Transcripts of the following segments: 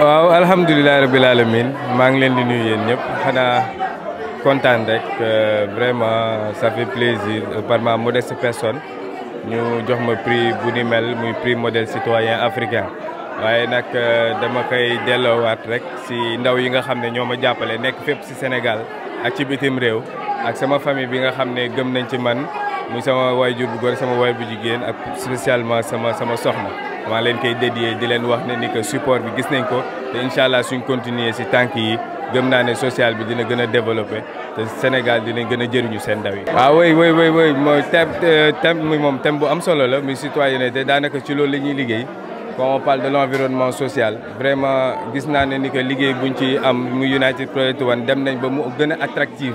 waaw alhamdulillah rabbil alamin ma ngi len di nuyu yeen ñep xana kontaan rek euh, vraiment ça fait plaisir euh, par ma modeste personne ñu jox ma prix bu ni mel muy prix modèle citoyen africain waye nak euh, dama delo wat rek si ndaw yi nga xamne ñoma jappalé nek fep ci Sénégal ak ci bitim rew ak sama famille bi nga xamne gëm nañ ci man muy sama wayjur bu gor sama way bu jigen ak spécialement sama sama soxna maa leen koy dédié di leen wax ne ni que support bi gis nañ ko te incha allah suñ continuer si tànk yi gëm naa ne social bi dina gën a développé te Sénégal dinañ gën a jëriñu seen ndaw yi. waaw oui oui oui oui mooy thème euh, thème moom thème bu am solo la muy citoyenneté daanaka ci loolu la ñuy liggéey quand on parle de l' environnement social vraiment gis naa ne ni que liggéey buñ ci am mu United Project One dem nañ ba mu gën a attractive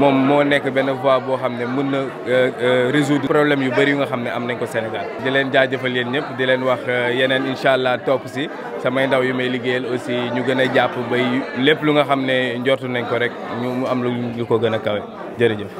moom moo nekk benn voie boo xam ne mën na euh, euh, résoudre problème yu bëri yu nga xam ne am nañ ko Sénégal di leen jaajëfal yéen ñëpp di leen wax euh, yeneen incha allah topp si samay ndaw yu may liggéeyal aussi ñu gën a jàpp bay lépp lu nga xam ne njortu nañ ko rek ñu mu am lu ñu ko gën a kawe jërëjëf